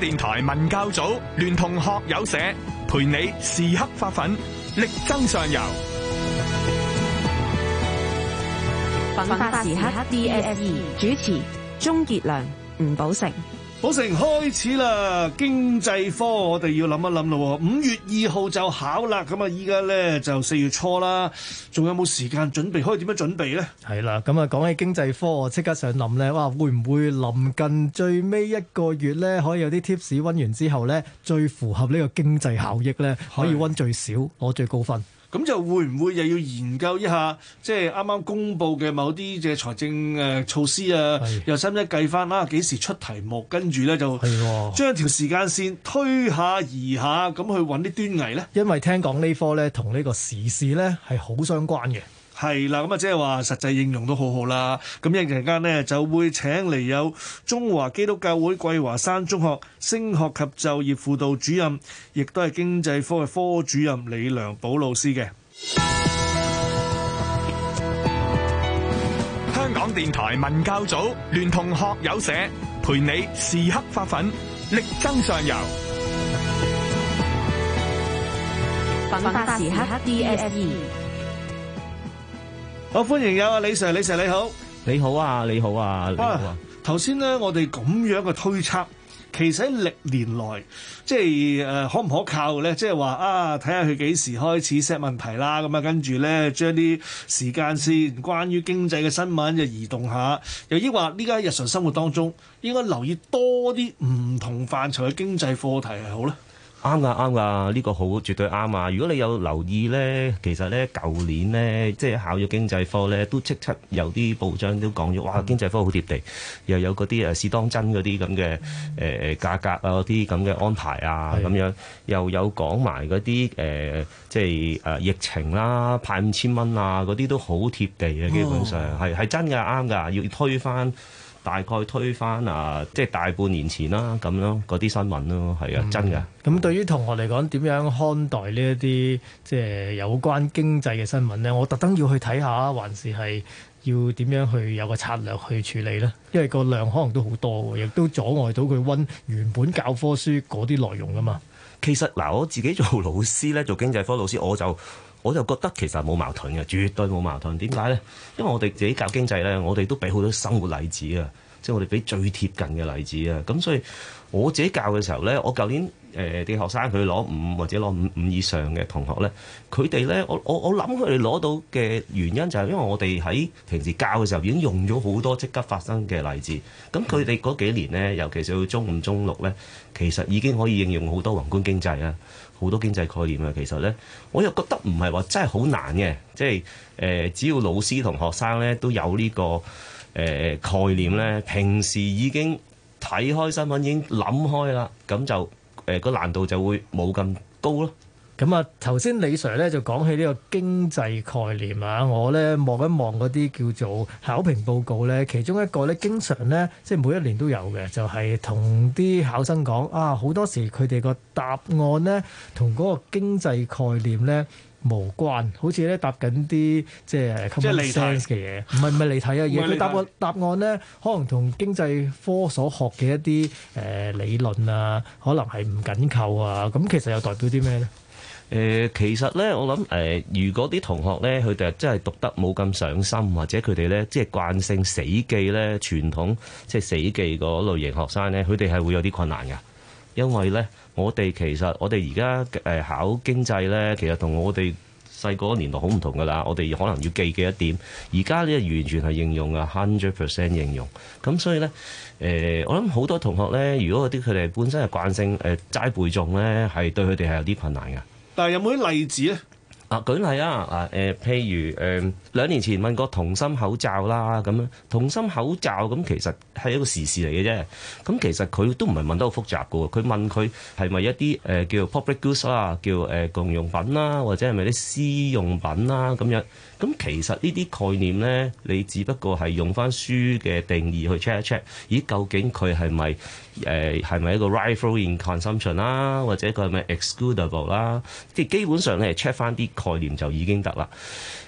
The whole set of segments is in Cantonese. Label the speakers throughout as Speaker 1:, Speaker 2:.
Speaker 1: 電台文教組聯同學友社陪你時刻發奮，力爭上
Speaker 2: 游。奮發時刻 DSE 主持：鍾杰良、吳寶成。
Speaker 1: 寶成，開始啦，經濟科我哋要諗一諗咯。五月二號就考啦，咁啊依家咧就四月初啦，仲有冇時間準備？可以點樣準備咧？
Speaker 3: 係啦，咁啊講起經濟科，即刻上諗咧，哇，會唔會臨近最尾一個月咧，可以有啲 tips 溫完之後咧，最符合呢個經濟效益咧，可以溫最少，攞最高分。
Speaker 1: 咁就會唔會又要研究一下，即係啱啱公布嘅某啲嘅財政誒、呃、措施啊？的又使唔使計翻啊？幾時出題目，跟住咧就將條時間線推下而下，咁去揾啲端倪咧？
Speaker 3: 因為聽講呢科咧同呢個時事咧係好相關嘅。
Speaker 1: 係啦，咁啊，即係話實際應用都好好啦。咁一陣間呢，就會請嚟，有中華基督教會桂華山中學升學及就業輔導主任，亦都係經濟科嘅科主任李良保老師嘅。香港電台文教組聯同學友社，陪你時刻發奮，力爭上游。奮發
Speaker 2: 時刻 DSE。DS
Speaker 1: 好歡迎有李 Sir，李 Sir 你好，你好啊，你好啊。哇、啊，頭先咧，我哋咁樣嘅推測，其實歷年來即係誒、呃、可唔可靠咧？即係話啊，睇下佢幾時開始 set 問題啦。咁啊，跟住咧將啲時間線關於經濟嘅新聞就移動下。
Speaker 4: 又抑話呢家日常生活當中應該留意多啲唔同範疇嘅經濟課題係好咧。啱㗎啱㗎，呢、這個好絕對啱啊！如果你有留意咧，其實咧舊年咧，即係考咗經濟科咧，都即刻有啲報章都講咗，哇經濟科好貼地，又有嗰啲誒是當真嗰啲咁嘅誒誒價格啊，啲咁嘅安排啊咁樣，的又有講埋嗰啲誒即係誒、啊、疫情啦，派五千蚊啊嗰啲都好貼地嘅，基本上係係、哦、真㗎啱㗎，要推翻。大概推翻啊，即係大半年前啦，咁咯，嗰啲新聞咯，係啊，嗯、真嘅的。
Speaker 3: 咁對於同學嚟講，點樣看待呢一啲即係有關經濟嘅新聞呢？我特登要去睇下，還是係要點樣去有個策略去處理呢？因為個量可能都好多，亦都阻礙到佢温原本教科書嗰
Speaker 4: 啲內容㗎嘛。其實嗱，我自己做老師呢，做經濟科老師，我就。我就覺得其實冇矛盾嘅，絕對冇矛盾。點解呢？因為我哋自己教經濟呢，我哋都俾好多生活例子啊，即係我哋俾最貼近嘅例子啊。咁所以我自己教嘅時候呢，我舊年誒啲、呃、學生佢攞五或者攞五五以上嘅同學呢，佢哋呢，我我我諗佢哋攞到嘅原因就係因為我哋喺平時教嘅時候已經用咗好多即刻發生嘅例子。咁佢哋嗰幾年呢，尤其是到中五中六呢，其實已經可以應用好多宏觀經濟啊。好多經濟概念啊，其實呢，我又覺得唔係話真係好難嘅，即係、呃、只要老師同學生呢都有呢、個誒、呃、概念呢，平時已經睇開新聞已經諗開啦，咁就誒個、呃、難度就會冇咁高咯。咁啊，頭先李 Sir 咧就講起呢個
Speaker 3: 經濟概念啊，我咧望一望嗰啲叫做考評報告咧，其中一個咧經常咧，即係每一年都有嘅，就係同啲考生講啊，好多時佢哋個答案咧同嗰個經濟概念咧無關，好似咧答緊啲即係即係 common sense 嘅嘢，唔係唔係離題啊嘢，佢答個答案咧可能同經濟科所學嘅一啲誒、呃、理論啊，可能係唔緊扣啊，咁其實又代表啲咩咧？
Speaker 4: 誒、呃、其實咧，我諗誒、呃，如果啲同學咧，佢哋真係讀得冇咁上心，或者佢哋咧，即係慣性死記咧，傳統即係、就是、死記嗰類型學生咧，佢哋係會有啲困難嘅。因為咧，我哋其實我哋而家誒考經濟咧，其實我同我哋細個年代好唔同㗎啦。我哋可能要記幾多點，而家呢完全係應用啊，hundred percent 應用。咁所以咧，誒、呃、我諗好多同學咧，如果嗰啲佢哋本身係慣性誒齋、呃、背誦咧，係對佢哋係有啲困難嘅。但係有冇啲例子咧？啊，舉例啊，嗱，誒，譬如誒、呃，兩年前問過銅芯口罩啦，咁樣銅芯口罩咁其實係一個時事嚟嘅啫。咁、嗯、其實佢都唔係問得好複雜嘅，佢問佢係咪一啲誒、呃、叫做 public goods 啦、啊，叫誒、呃、共用品啦、啊，或者係咪啲私用品啦咁、啊、樣。咁其實呢啲概念呢，你只不過係用翻書嘅定義去 check 一 check，咦究竟佢係咪誒係咪一個 rival in consumption 啦，或者佢係咪 excludable 啦？即係基本上你係 check 翻啲概念就已經得啦。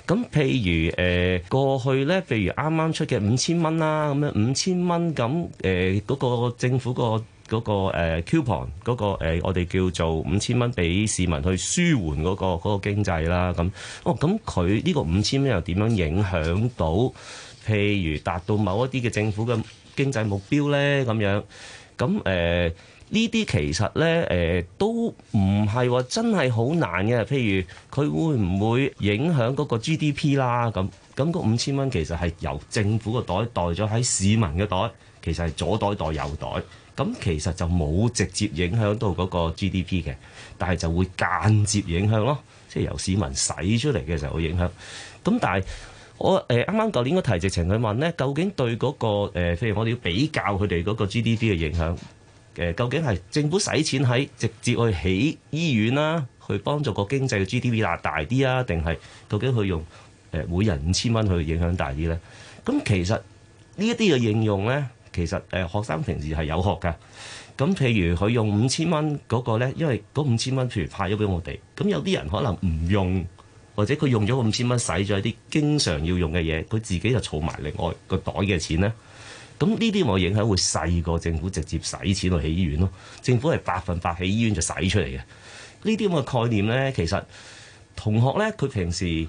Speaker 4: 咁譬如誒、呃、過去呢，譬如啱啱出嘅五千蚊啦，咁樣五千蚊咁誒嗰個政府、嗰個。嗰、嗰個 coupon、呃、嗰、嗰個、呃、我哋叫做五千蚊俾市民去舒緩嗰、嗰個嗰、嗰個經濟啦。咁哦，咁佢呢個五千蚊又點樣影響到？譬如達到某一啲嘅政府嘅經濟目標呢？咁樣咁誒呢啲其實呢誒、呃、都唔係話真係好難嘅。譬如佢會唔會影響嗰個 GDP 啦？咁咁、嗰個、五千蚊其實係由政府嘅袋袋咗喺市民嘅袋，其實係左袋袋右袋。咁其實就冇直接影響到嗰個 GDP 嘅，但係就會間接影響咯，即係由市民使出嚟嘅時候會影響。咁但係我誒啱啱舊年個題直情去問呢，究竟對嗰個誒，譬如我哋要比較佢哋嗰個 GDP 嘅影響，誒究竟係政府使錢喺直接去起醫院啦，去幫助個經濟嘅 GDP 大啲啊，定係究竟佢用誒每人五千蚊去影響大啲呢？咁其實呢一啲嘅應用呢。其實誒學生平時係有學㗎，咁譬如佢用五千蚊嗰個咧，因為嗰五千蚊譬如派咗俾我哋，咁有啲人可能唔用，或者佢用咗五千蚊使咗一啲經常要用嘅嘢，佢自己就儲埋另外個袋嘅錢咧。咁呢啲咁影響會細過政府直接使錢去起醫院咯。政府係百分百起醫院就使出嚟嘅。呢啲咁嘅概念呢，其實同學呢，佢平時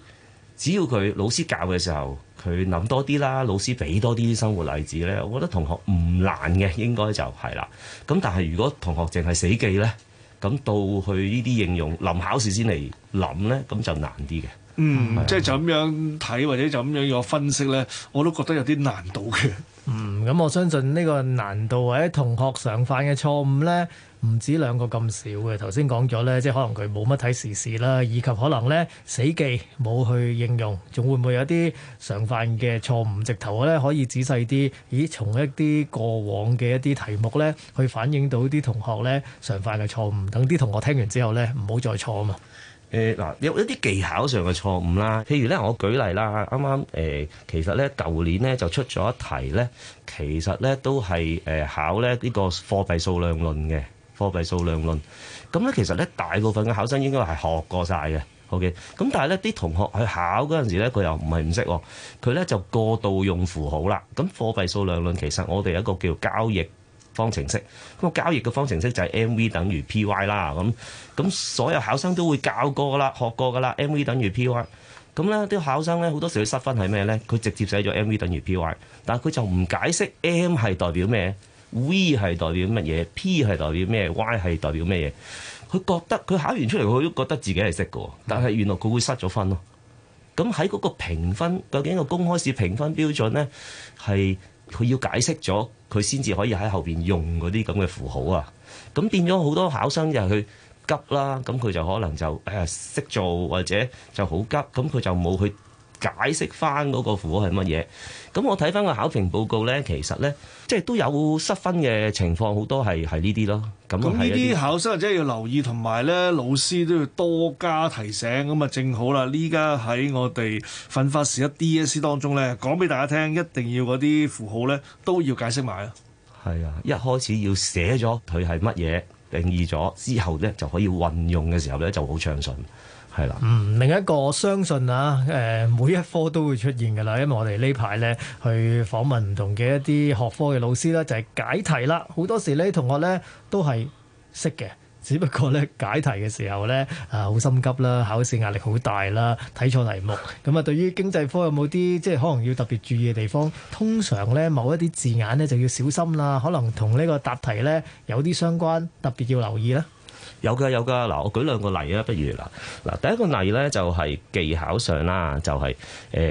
Speaker 4: 只要佢老師教嘅時候。佢諗多啲啦，老師俾多啲生活例子呢。我覺得同學唔難嘅，應該就係啦。咁但係如果同學淨係死記呢，咁到去呢啲應用臨考試先嚟諗呢，咁就難啲嘅。嗯，是即係咁樣睇或者就咁樣有分析呢，我都覺得有啲難度嘅。嗯，
Speaker 3: 咁我相信呢個難度或者同學常犯嘅錯誤呢。唔止兩個咁少嘅，頭先講咗呢，即係可能佢冇乜睇時事啦，以及可能呢死記冇去應用，仲會唔會有啲常犯嘅錯誤？直頭呢可以仔細啲，咦？從一啲過往嘅一啲題目呢去反映到啲同學呢常犯嘅錯誤，等啲同學聽完之後呢，唔好再錯啊嘛。
Speaker 4: 誒嗱、呃，有一啲技巧上嘅錯誤啦，譬如呢，我舉例啦，啱啱誒其實呢，舊年呢就出咗一題呢，其實呢都係誒、呃、考呢呢個貨幣數量論嘅。貨幣數量論咁咧，其實咧大部分嘅考生應該係學過晒嘅，OK。咁但係咧啲同學去考嗰陣時咧，佢又唔係唔識，佢咧就過度用符號啦。咁貨幣數量論其實我哋有一個叫交易方程式，個交易嘅方程式就係 MV 等於 PY 啦。咁咁所有考生都會教過噶啦，學過噶啦，MV 等於 PY。咁咧啲考生咧好多時會失分係咩咧？佢直接寫咗 MV 等於 PY，但係佢就唔解釋 M 係代表咩。V 係代表乜嘢？P 係代表咩？Y 係代表咩嘢？佢覺得佢考完出嚟，佢都覺得自己係識嘅，但係原來佢會失咗分咯。咁喺嗰個評分，究竟個公開試評分標準呢，係佢要解釋咗，佢先至可以喺後邊用嗰啲咁嘅符號啊。咁變咗好多考生就係去急啦。咁佢就可能就誒識做或者就好急，咁佢就冇去解釋翻嗰個符號係乜嘢？咁我睇翻個考評報告咧，其實咧即係都有失分嘅情況，好多係係呢啲咯。咁呢啲考
Speaker 1: 生或者要留意，同埋咧老師都要多加提醒。咁啊，正好啦，依家喺我哋奮發時一 DSE 當中咧，講俾大家聽，一定要嗰啲符號咧
Speaker 4: 都要解釋埋啊。係啊，一開始要寫咗佢係乜嘢，定義咗之後咧，就可以運用嘅時候咧就好暢順。係啦，嗯，另一個我相
Speaker 3: 信啊，誒、呃，每一科都會出現嘅啦，因為我哋呢排咧去訪問唔同嘅一啲學科嘅老師咧，就係、是、解題啦。好多時呢，同學咧都係識嘅，只不過咧解題嘅時候咧啊，好心急啦，考試壓力好大啦，睇錯題目。咁啊，對於經濟科有冇啲即係可能要特別注意嘅地方？通常咧某一啲字眼咧就要小心啦，可能同呢個答題咧有啲相關，特別要留意咧。
Speaker 4: 有㗎有㗎，嗱我舉兩個例啊，不如嗱嗱第一個例咧就係技巧上啦，就係、是、誒、呃、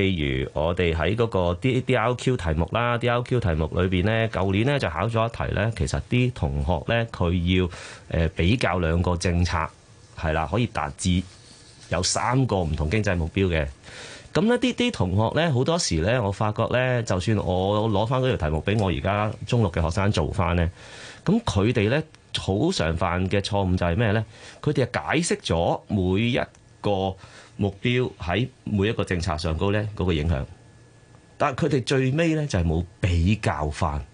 Speaker 4: 譬如我哋喺嗰個 D D L Q 題目啦，D L Q 題目裏邊咧，舊年咧就考咗一題咧，其實啲同學咧佢要誒、呃、比較兩個政策係啦，可以達至有三個唔同經濟目標嘅。咁呢啲啲同學咧好多時咧，我發覺咧，就算我攞翻嗰條題目俾我而家中六嘅學生做翻咧，咁佢哋咧。好常犯嘅錯誤就係咩呢？佢哋係解釋咗每一個目標喺每一個政策上高呢嗰個影響，但係佢哋最尾呢就係冇比較翻，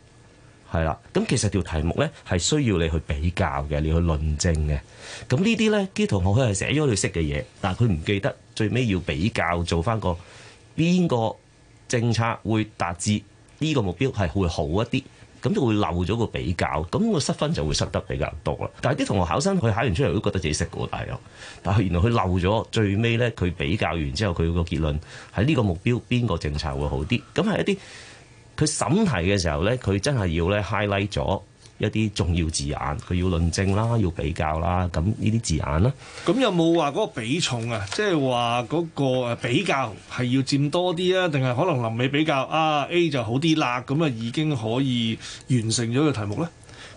Speaker 4: 係啦。咁其實條題目呢係需要你去比較嘅，你去論證嘅。咁呢啲呢，啲同學佢係寫咗你識嘅嘢，但係佢唔記得最尾要比較做翻個邊個政策會達至呢個目標係會好一啲。咁就會漏咗個比較，咁個失分就會失得比較多啦。但係啲同學考生，佢考完出嚟都覺得自己識喎，但係，但係原來佢漏咗最尾咧，佢比較完之後，佢個結論係呢個目標邊個政策會好啲，咁係一啲佢審題嘅時候咧，佢真係要咧 highlight 咗。一啲重要字眼，佢要論證啦，要比較啦，咁呢啲字眼啦。
Speaker 1: 咁有冇話嗰個比重啊？即係話嗰個誒比較係要佔多啲啊？定係可能臨尾比較啊 A 就好啲啦，咁啊已經可以
Speaker 4: 完成咗個題目咧。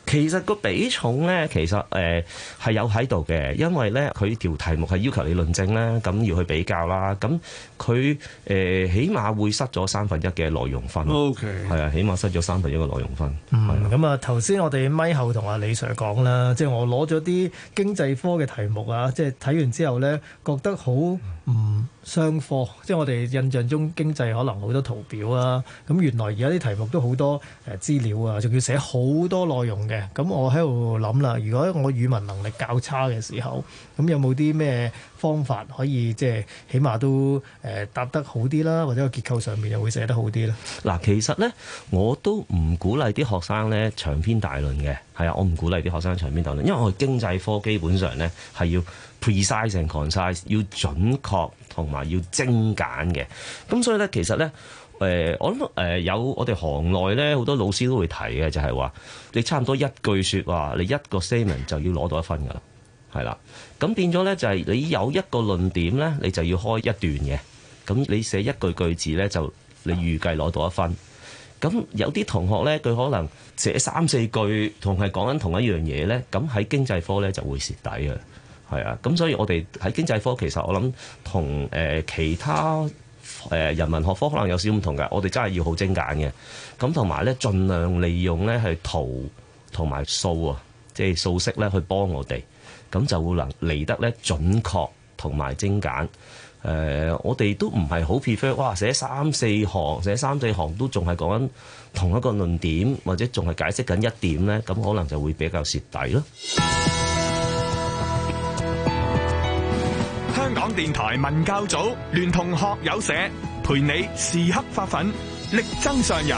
Speaker 4: 其實個比重咧，其實誒係、呃、有喺度嘅，因為咧佢條題目係要求你論證啦，咁要去比較啦，咁佢誒起碼會失咗三分一嘅內容分。OK，係啊，起碼失咗三分一嘅內容分。
Speaker 3: 嗯，咁啊的，頭先、嗯嗯、我哋咪後同阿李 Sir 講啦，即、就、係、是、我攞咗啲經濟科嘅題目啊，即係睇完之後咧，覺得好。嗯唔，商科，即係我哋印象中經濟可能好多圖表啊，咁原來而家啲題目都好多誒資料啊，仲要寫好多內容嘅。咁我喺度諗啦，如果我語文能力較差嘅時候，咁有冇啲咩方法可以即係起碼都誒答、呃、得好啲啦，或者個結構上面又會寫得好啲啦，
Speaker 4: 嗱，其實咧我都唔鼓勵啲學生咧長篇大論嘅，係啊，我唔鼓勵啲學生長篇大論，因為我經濟科基本上咧係要。Precise and concise 要準確同埋要精簡嘅，咁所以咧，其實咧，誒、呃，我諗誒、呃、有我哋行內咧好多老師都會提嘅，就係、是、話你差唔多一句説話，你一個 statement 就要攞到一分噶啦，係啦，咁變咗咧就係、是、你有一個論點咧，你就要開一段嘅，咁你寫一句句子咧就你預計攞到一分，咁有啲同學咧佢可能寫三四句同係講緊同一樣嘢咧，咁喺經濟科咧就會蝕底啊。係啊，咁、嗯、所以我哋喺經濟科，其實我諗同誒其他誒、呃、人文學科可能有少唔同嘅，我哋真係要好精簡嘅。咁同埋咧，儘量利用咧係圖同埋數啊，即係數式咧去幫我哋，咁就會能嚟得咧準確同埋精簡。誒、呃，我哋都唔係好 prefer，哇！寫三四行，寫三四行都仲係講緊同一個論點，或者仲係解釋緊一點咧，咁可能就會比較蝕底咯。電台文教
Speaker 1: 組聯同學友社，陪你時刻發奮，力爭上游。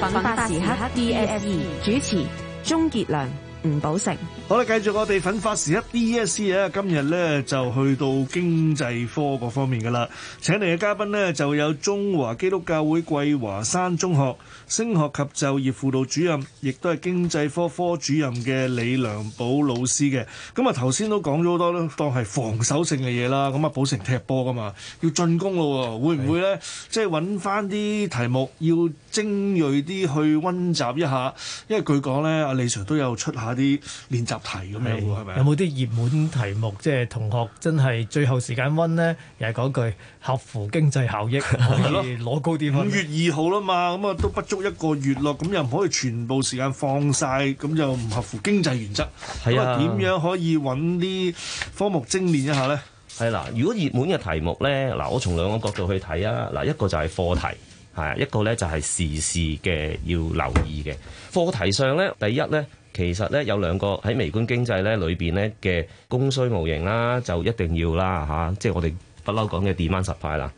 Speaker 2: 奮發時刻 DSE 主持鍾杰良。唔保成，
Speaker 1: 好啦，繼續我哋粉發時一 D S C 啊，今日咧，就去到經濟科嗰方面噶啦，請嚟嘅嘉賓咧就有中華基督教會桂華山中學升學及就業輔導主任，亦都係經濟科科主任嘅李良寶老師嘅。咁啊，頭先都講咗好多，當係防守性嘅嘢啦。咁啊，保成踢波噶嘛，要進攻咯，會唔會咧？是即係揾翻啲題目要精銳啲去溫習一下，因為據講咧，阿李 Sir 都有出下。啲練習題咁樣係咪？有冇啲熱門題目？
Speaker 3: 即係同學真係最後時間溫咧，又係嗰句合乎經濟效益 可以攞
Speaker 1: 高啲。五 月二號啦嘛，咁啊都不足一個月咯，咁又唔可以全部時間放晒，咁又唔合乎經濟原則。係啊，點樣可以揾啲科
Speaker 4: 目精練一下咧？係啦、啊，如果熱門嘅題目咧，嗱，我從兩個角度去睇啊。嗱，一個就係課題，係、啊、一個咧就係時事嘅要留意嘅課題上咧，第一咧。其實咧有兩個喺微觀經濟咧裏邊咧嘅供需模型啦，就一定要啦嚇、啊，即係我哋不嬲講嘅 demand 十派啦。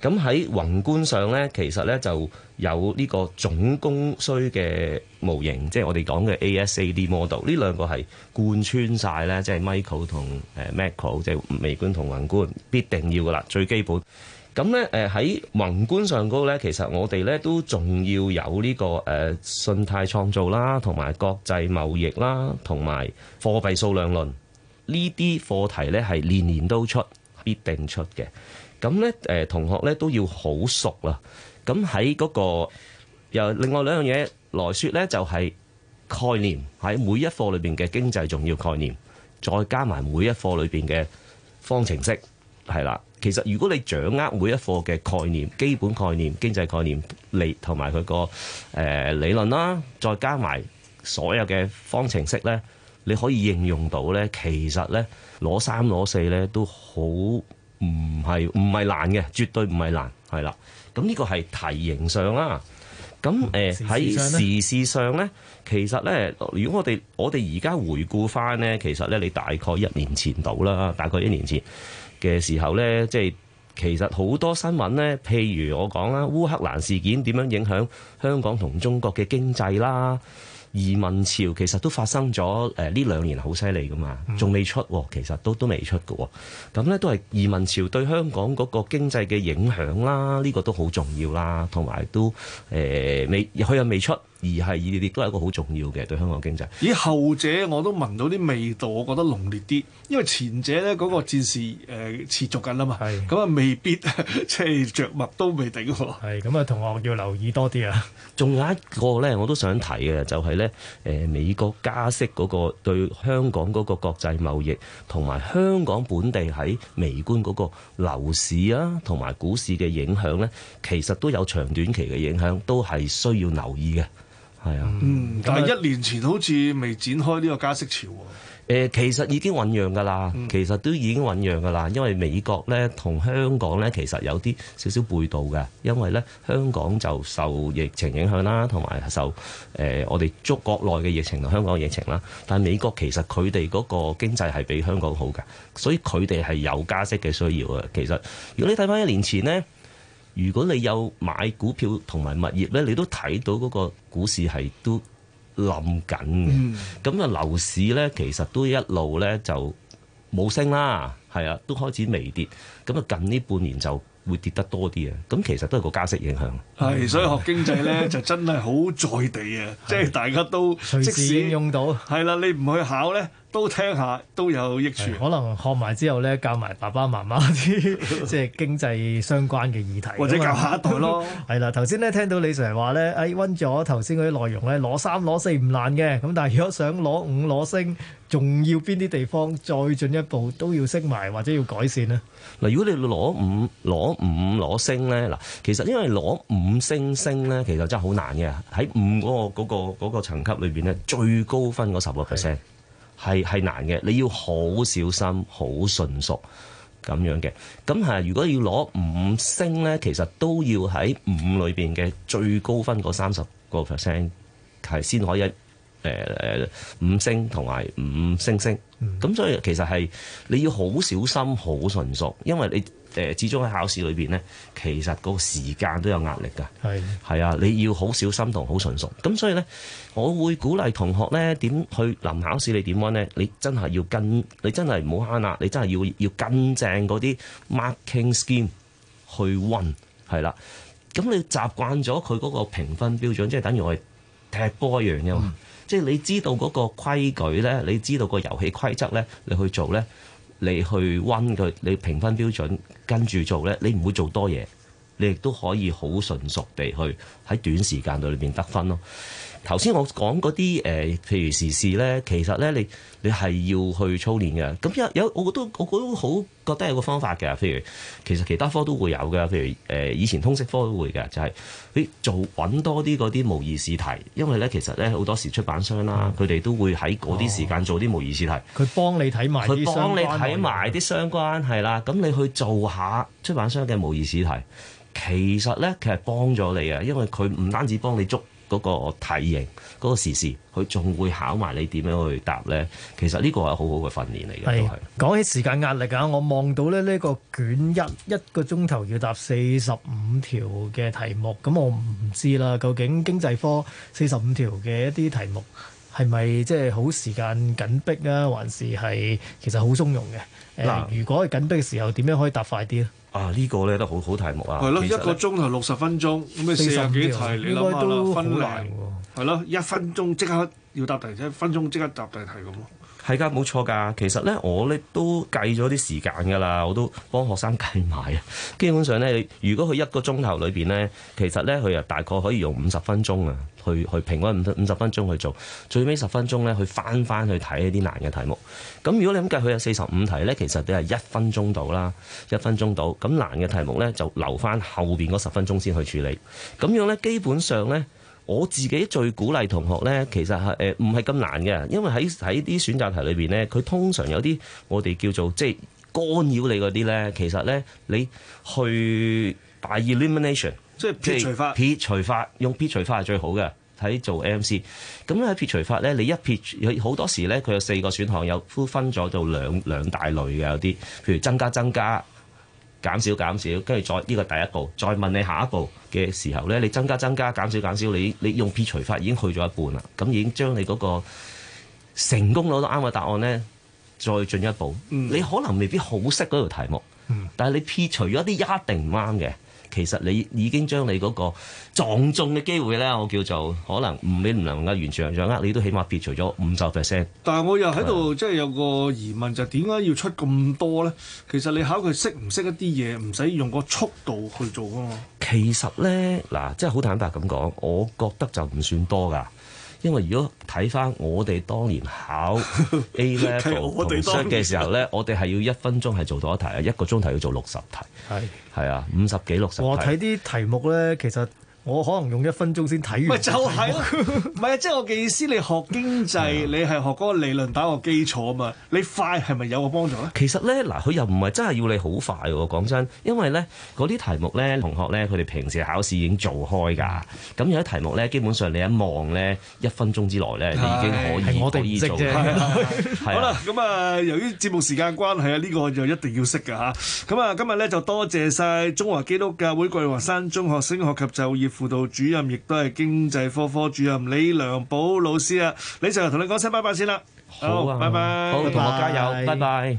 Speaker 4: 咁喺宏觀上咧，其實咧就有呢個總供需嘅模型，即係我哋講嘅 ASAD model。呢兩個係貫穿晒咧，即係 m i c h a e l 同誒 macro，即係微觀同宏觀必定要嘅啦，最基本。咁咧，誒喺宏觀上高咧，其實我哋咧都仲要有呢個誒信貸創造啦，同埋國際貿易啦，同埋貨幣數量論呢啲課題咧係年年都出，必定出嘅。咁咧，誒同學咧都要好熟啦。咁喺嗰個由另外兩樣嘢來説咧，就係概念喺每一課裏邊嘅經濟重要概念，再加埋每一課裏邊嘅方程式，係啦。其實如果你掌握每一課嘅概念、基本概念、經濟概念、呃、理同埋佢個誒理論啦，再加埋所有嘅方程式咧，你可以應用到咧。其實咧攞三攞四咧都好唔係唔係難嘅，絕對唔係難，係啦。咁呢個係題型上啦。咁誒喺時事上咧，其實咧如果我哋我哋而家回顧翻咧，其實咧你大概一年前到啦，大概一年前，嘅時候呢，即係其實好多新聞呢，譬如我講啦，烏克蘭事件點樣影響香港同中國嘅經濟啦，移民潮其實都發生咗誒呢兩年好犀利噶嘛，仲未出喎，其實都都未出嘅喎，咁呢都係移民潮對香港嗰個經濟嘅影響啦，呢、這個都好重要啦，同埋都誒、呃、未佢又未出。而係呢啲都係一個好重要嘅對香港經濟。
Speaker 1: 以後者我都聞到啲味道，我覺得濃烈啲，因為前者咧嗰個戰事誒、呃、持續緊啊嘛，咁啊是未必即係著墨都未定。係咁啊，同學要留意多啲啊。
Speaker 4: 仲有一個咧，我都想提嘅就係咧誒美國加息嗰個對香港嗰個國際貿易同埋香港本地喺微觀嗰個樓市啊同埋股市嘅影響咧，其實都有長短期嘅影響，都係需要留意嘅。係啊，嗯，但係一年前好似未展開呢個加息潮喎。其實已經醖釀㗎啦，其實都已經醖釀㗎啦。因為美國咧同香港咧，其實有啲少少背道嘅，因為咧香港就受疫情影響啦，同埋受誒、呃、我哋捉國內嘅疫情同香港嘅疫情啦。但係美國其實佢哋嗰個經濟係比香港好㗎，所以佢哋係有加息嘅需要啊。其實，如果你睇翻一年前呢。如果你有買股票同埋物業咧，你都睇到嗰個股市係都冧緊嘅。咁啊、嗯，樓市咧其實都一路咧就冇升啦，係啊，都開始微跌。咁啊，近呢半年就會跌得多啲啊。咁其實都係個加息影響。係，所以學經濟咧 就
Speaker 1: 真係好在地啊，即、就、係、係、大家都即使時應用到係啦，你唔去考咧，都聽下都有益處，可能
Speaker 3: 學埋之後咧教埋爸爸媽媽啲即係經濟相關嘅議題， 或者教下一代咯。係啦， 頭先咧聽到李成日話咧，誒温咗頭先嗰啲內容咧，攞三攞四唔難嘅。咁但係如果想攞五攞星，仲要邊啲地方再進一步
Speaker 4: 都要識埋或者要改善呢？嗱，如果你攞五攞五攞星咧，嗱，其實因為攞五星星咧，其實真係好難嘅。喺五嗰個嗰個嗰個層級裏邊咧，最高分嗰十個 percent。係係難嘅，你要好小心、好純熟咁樣嘅。咁係如果要攞五星呢，其實都要喺五裏邊嘅最高分嗰三十個 percent 係先可以。誒誒、呃、五星同埋五星星，咁、嗯、所以其實係你要好小心，好純熟，因為你誒、呃、始終喺考試裏邊咧，其實嗰個時間都有壓力㗎。係係啊，你要好小心同好純熟。咁所以咧，我會鼓勵同學咧，點去臨考試你點樣咧？你真係要跟，你真係唔好慳啦！你真係要要跟正嗰啲 marking scheme 去溫係啦。咁你習慣咗佢嗰個評分標準，即係等於我踢波一樣啫嘛。嗯即係你知道嗰個規矩咧，你知道個遊戲規則咧，你去做咧，你去温佢，你評分標準跟住做咧，你唔會做多嘢，你亦都可以好純熟地去喺短時間裏邊得分咯。頭先我講嗰啲誒，譬如時事咧，其實咧你你係要去操練嘅，咁有有我覺得我覺得好。覺得有個方法嘅，譬如其實其他科都會有嘅，譬如誒、呃、以前通識科都會嘅，就係、是、你做揾多啲嗰啲模擬試題，因為咧其實咧好多時出版商啦、啊，佢哋、嗯、都會喺嗰啲時間做啲模擬試題，佢、哦哦、幫你睇埋，佢幫你睇埋啲相關係、嗯、啦，咁你去做下出版商嘅模擬試題，其實咧其，其實幫咗你呀，因為佢唔單止幫你捉。嗰個體型，嗰個時事，佢仲會考埋你點樣去答呢？其實呢個係好好嘅訓練嚟嘅，都係。
Speaker 3: 講起時間壓力啊，我望到咧呢個卷一一個鐘頭要答四十五條嘅題目，咁我唔知啦。究竟經濟科四十五條嘅一啲題目係咪即係好時間緊迫啊，還是係其實好鬆容嘅？嗱，呃，喏如果係緊逼嘅時候，點樣可以答快啲？
Speaker 4: 啊！這個、呢個咧都好好題目啊，係咯的，一個鐘頭六十分鐘，咁你四十幾題，應該你諗下啦，分量
Speaker 1: 係咯，一分鐘即刻要答題，即一分鐘即刻答題題咁。
Speaker 4: 係噶，冇錯噶。其實咧，我咧都計咗啲時間㗎啦。我都幫學生計埋啊。基本上咧，如果佢一個鐘頭裏邊咧，其實咧佢又大概可以用五十分鐘啊，去去平均五五十分鐘去做，最尾十分鐘咧去翻翻去睇一啲難嘅題目。咁如果你咁計，佢有四十五題咧，其實你係一分鐘到啦，一分鐘到。咁難嘅題目咧就留翻後邊嗰十分鐘先去處理。咁樣咧，基本上咧。我自己最鼓勵同學咧，其實係誒唔係咁難嘅，因為喺喺啲選擇題裏邊咧，佢通常有啲我哋叫做即係、就是、干擾你嗰啲咧，其實咧你去 by elimination，即係撇除法，撇除法用撇除法係最好嘅喺做 MC。咁咧喺撇除法咧，你一撇除，佢好多時咧佢有四個選項，有分咗到兩兩大類嘅有啲，譬如增加增加。減少減少，跟住再呢、這個第一步，再問你下一步嘅時候呢，你增加增加，減少減少，你你用撇除法已經去咗一半啦，咁已經將你嗰個成功攞到啱嘅答案呢，再進一步，嗯、你可能未必好識嗰條題目，嗯、但係你撇除咗啲一,一定唔啱嘅。其實你已經將你嗰個撞中嘅機會咧，我叫做可能唔你唔能夠完全掌握，你都起碼撇除咗五、十 percent。
Speaker 1: 但係我又喺度吧，即係有個疑問，就點解要出咁多咧？其實你考佢識唔識一啲嘢，唔使用，用個速度去做啊嘛。
Speaker 4: 其實咧，嗱，即係好坦白咁講，我覺得就唔算多㗎。因為如果睇翻我哋當年考 A level 同 s h 嘅時候咧，我哋係要一分鐘係做到一題，一個鐘頭要做六十題，係啊的，五十幾六十題。我睇啲題
Speaker 3: 目咧，其實～我可能用一分鐘先睇完。咪就係咯，唔
Speaker 4: 係啊！即係、 就是、我嘅意思，你
Speaker 1: 學經濟， 啊、你係學嗰個理論打個基礎啊嘛。你快係咪有個幫助咧？
Speaker 4: 其實咧，嗱，佢又唔係真係要你好快喎。講真，因為咧嗰啲題目咧，同學咧佢哋平時考試已經做開㗎。咁有啲題目咧，基本上你一望咧一分鐘之內咧，啊、你已經可以可以做。係我哋識啫。好啦，
Speaker 1: 咁啊，啊啊 啊由於節目時間關係啊，呢、呢個就一定要識㗎嚇。咁啊，啊，今日咧就多謝晒中華基督教會桂華山中學升學及就業輔導主任亦都係經濟科科主任李良保老師 Sir, 你拜拜啊，
Speaker 4: 李 Sir
Speaker 3: 同你講聲拜拜先啦。好，拜拜，同學好拜加油，拜拜。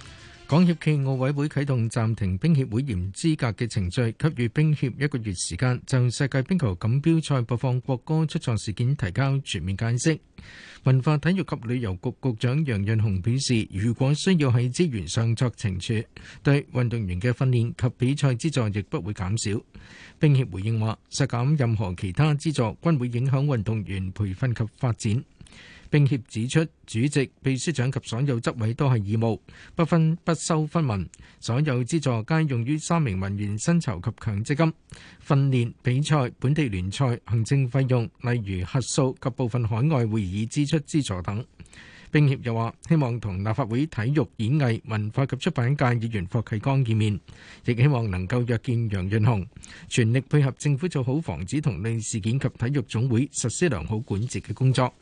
Speaker 2: 港協暨奧委會啟動暫停冰協會員資格嘅程序，給予冰協一個月時間就世界冰球錦標賽播放國歌出錯事件提交全面解釋。文化體育及旅遊局局長楊潤雄表示，如果需要喺資源上作懲處，對運動員嘅訓練及比賽資助亦不會減少。冰協回應話，實減任何其他資助均會影響運動員培訓及發展。並協指出，主席、秘書長及所有執委都係義務，不分不收分文。所有資助皆用於三名文員薪酬及強積金、訓練、比賽、本地聯賽、行政費用，例如核數及部分海外會議支出資助,助等。並協又話，希望同立法會體育、演藝、文化及出版界議員霍啟剛見面，亦希望能夠約見楊潤雄，全力配合政府做好防止同類事件及體育總會實施良好管治嘅工作。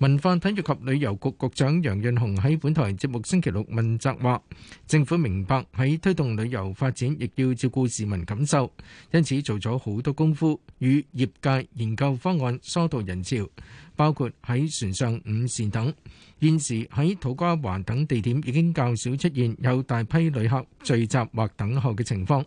Speaker 2: 文化體育及旅遊局局長楊潤雄喺本台節目星期六問責話：政府明白喺推動旅遊發展，亦要照顧市民感受，因此做咗好多功夫，與業界研究方案，疏導人潮，包括喺船上午膳等。現時喺土瓜灣等地點已經較少出現有大批旅客聚集或等候嘅情況。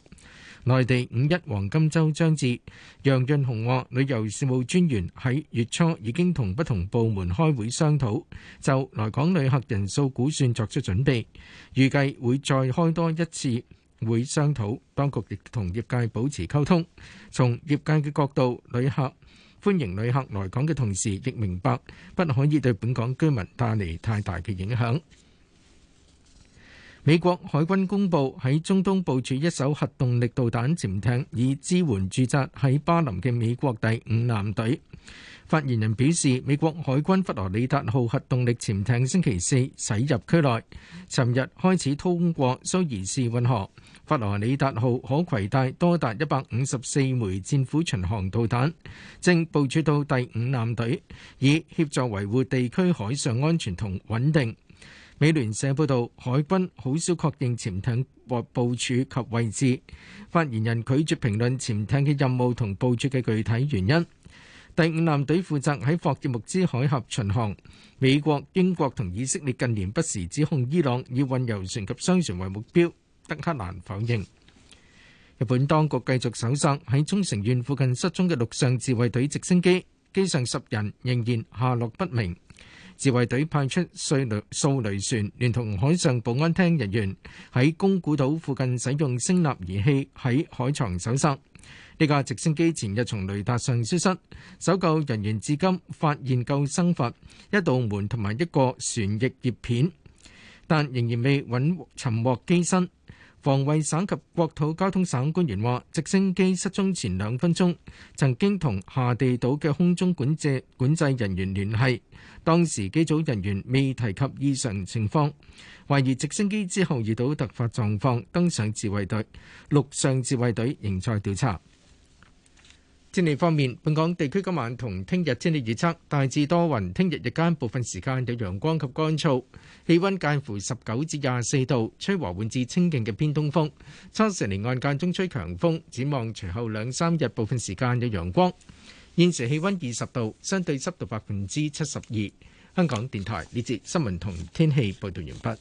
Speaker 2: 內地五一黃金週將至，楊潤雄話：旅遊事務專員喺月初已經同不同部門開會商討，就來港旅客人數估算作出準備，預計會再開多一次會商討。當局亦同業界保持溝通。從業界嘅角度，旅客歡迎旅客來港嘅同時，亦明白不可以對本港居民帶嚟太大嘅影響。美國海軍公布喺中東部署一艘核動力導彈潛艇，以支援駐紮喺巴林嘅美國第五艦隊。發言人表示，美國海軍佛羅里達號核動力潛艇星期四駛入區內，尋日開始通過蘇伊士運河。佛羅里達號可攜帶多達一百五十四枚戰斧巡航導彈，正部署到第五艦隊，以協助維護地區海上安全同穩定。美聯社報導，海軍好少確認潛艇或部署及位置，發言人拒絕評論潛艇嘅任務同部署嘅具體原因。第五艦隊負責喺霍爾木茲海峽巡航。美國、英國同以色列近年不時指控伊朗以運油船及商船為目標。德黑蘭否認。日本當局繼續搜索喺沖繩縣附近失蹤嘅陸上自衛隊直升機，機上十人仍然下落不明。自衛隊派出掃雷掃雷船，連同海上保安廳人員喺宮古島附近使用聲納儀器喺海床搜索。呢架直升機前日從雷達上消失，搜救人員至今發現救生筏、一道門同埋一個船翼葉片，但仍然未揾尋獲機身。防衛省及國土交通省官員話，直升機失蹤前兩分鐘，曾經同下地島嘅空中管制管制人員聯繫，當時機組人員未提及異常情況，懷疑直升機之後遇到突發狀況，登上自衛隊陸上自衛隊仍在調查。天氣方面，本港地區今晚同聽日天氣預測大致多雲，聽日日間部分時間有陽光及乾燥，氣溫介乎十九至廿四度，吹和緩至清勁嘅偏東風，三成離岸間中吹強風，展望隨後兩三日部分時間有陽光。現時氣溫二十度，相對濕度百分之七十二。香港電台呢節新聞同天氣報道完畢。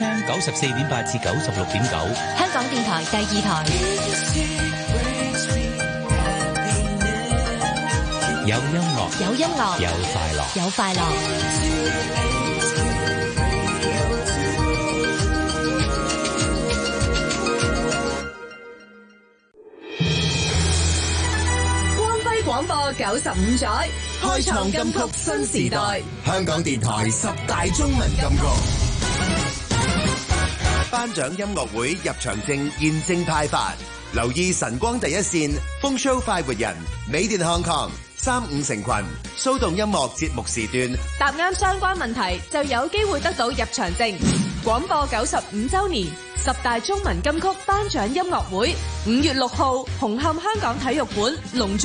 Speaker 2: FM 九十四點八至九十六點九，香港電台第二台。
Speaker 4: 有音樂，有音樂，有快樂，有快樂。光輝廣播九十五載，開創金曲新時代。
Speaker 3: 香港電台十
Speaker 4: 大中文金曲頒獎音樂會入場證，現正派發。留意晨光第一線、風騷快活人、美電 Hong Kong、三五成群、騷動音樂節目時段，答啱相關問題就有機會得到入場證。廣播九十五週年十大中文金曲頒獎音樂會，五月六號，
Speaker 1: 紅磡香港體育館隆重